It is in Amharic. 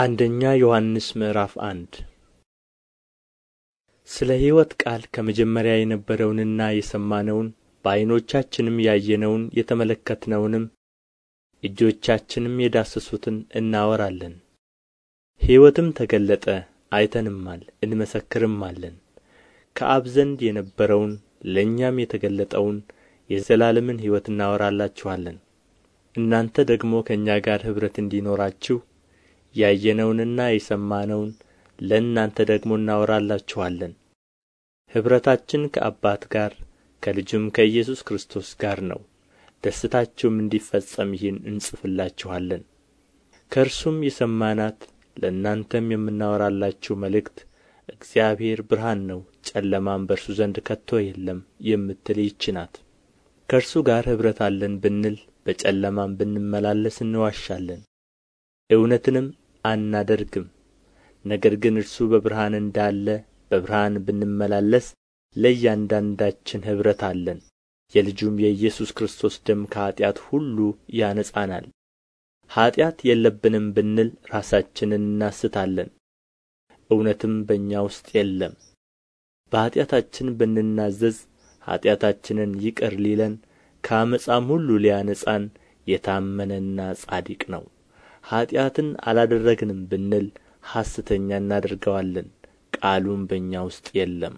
አንደኛ ዮሐንስ ምዕራፍ አንድ ስለ ሕይወት ቃል ከመጀመሪያ የነበረውንና የሰማነውን በዓይኖቻችንም ያየነውን የተመለከትነውንም እጆቻችንም የዳሰሱትን እናወራለን። ሕይወትም ተገለጠ፣ አይተንማል፣ እንመሰክርማለን። ከአብ ዘንድ የነበረውን ለእኛም የተገለጠውን የዘላለምን ሕይወት እናወራላችኋለን። እናንተ ደግሞ ከእኛ ጋር ኅብረት እንዲኖራችሁ ያየነውንና የሰማነውን ለእናንተ ደግሞ እናወራላችኋለን ኅብረታችን ከአባት ጋር ከልጁም ከኢየሱስ ክርስቶስ ጋር ነው ደስታችሁም እንዲፈጸም ይህን እንጽፍላችኋለን ከእርሱም የሰማናት ለእናንተም የምናወራላችሁ መልእክት እግዚአብሔር ብርሃን ነው ጨለማም በእርሱ ዘንድ ከቶ የለም የምትል ይች ናት ከእርሱ ጋር ኅብረት አለን ብንል በጨለማም ብንመላለስ እንዋሻለን እውነትንም አናደርግም ነገር ግን እርሱ በብርሃን እንዳለ በብርሃን ብንመላለስ ለእያንዳንዳችን ኅብረት አለን የልጁም የኢየሱስ ክርስቶስ ደም ከኀጢአት ሁሉ ያነጻናል ኀጢአት የለብንም ብንል ራሳችንን እናስታለን እውነትም በእኛ ውስጥ የለም በኀጢአታችን ብንናዘዝ ኀጢአታችንን ይቅር ሊለን ከአመፃም ሁሉ ሊያነጻን የታመነና ጻድቅ ነው ኃጢአትን አላደረግንም ብንል ሐሰተኛ እናደርገዋለን ቃሉም በእኛ ውስጥ የለም